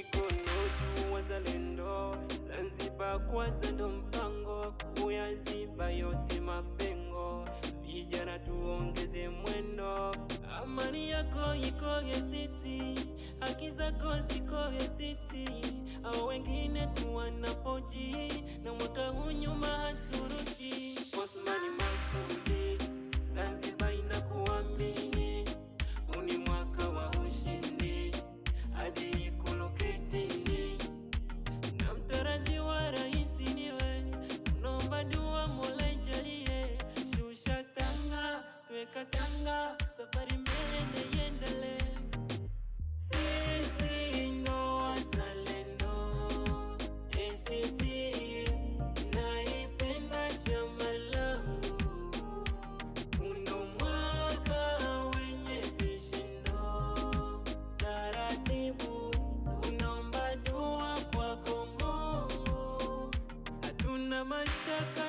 mikono juu wazalendo. Zanzibar kwanza ndo mpango kuyaziba yote mapengo. Vijana tuongeze mwendo, amani yako iko Hesiti, haki zako ziko Hesiti, au wengine tuwanafoji na Weka tanga, safari mbele na iendelee. Sisi ndo wazalendo, ACT naipenda chama langu, undo mwaka wenye vishindo. Taratibu tunaomba dua kwako Mungu, hatuna mashaka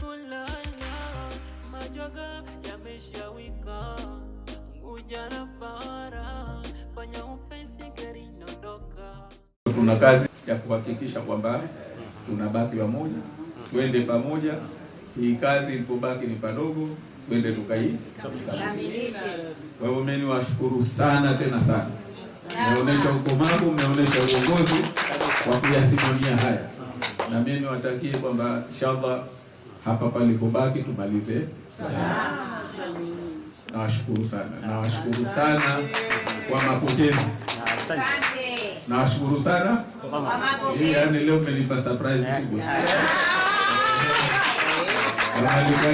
kulala, majoga yameshawika, nguja na Bara, fanya upesi gari inaondoka. Tuna kazi ya kuhakikisha kwamba tunabaki wamoja, twende pamoja. Hii kazi ilipobaki ni padogo, twende tukaikamilishe. Kwa hivyo mimi niwashukuru sana tena sana, mmeonyesha ukomavu, mmeonyesha uongozi kwa kuyasimamia haya, na mimi niwatakie kwamba inshallah hapa palipobaki tumalize salama. Nawashukuru sana, nawashukuru sana kwa mapokezi, nawashukuru sana hii. Yani leo mmenipa surprise kubwa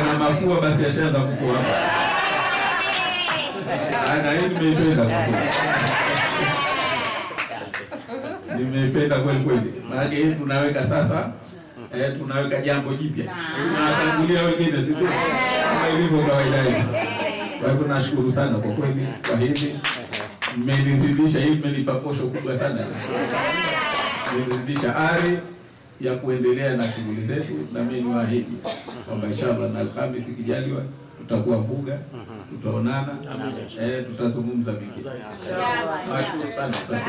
na mafua basi ashaanza kukua hapa. Ah, hii nimeipenda nimeipenda kweli kweli, maana hii tunaweka sasa eh, tunaweka jambo jipya tunatangulia ah. eh, wengine, si eh. Kama ilivyo kawaida hizo. Eh. Kwa hivyo nashukuru sana kwa kweli kwa hivi, mmenizidisha hii mmenipa posho kubwa sana, mmenizidisha ari ya kuendelea na shughuli zetu, na mimi niwaahidi kwamba inshallah na Alhamisi kijaliwa tutakuwa vuga, tutaonana, eh, tutazungumza mingi. Nashukuru sana.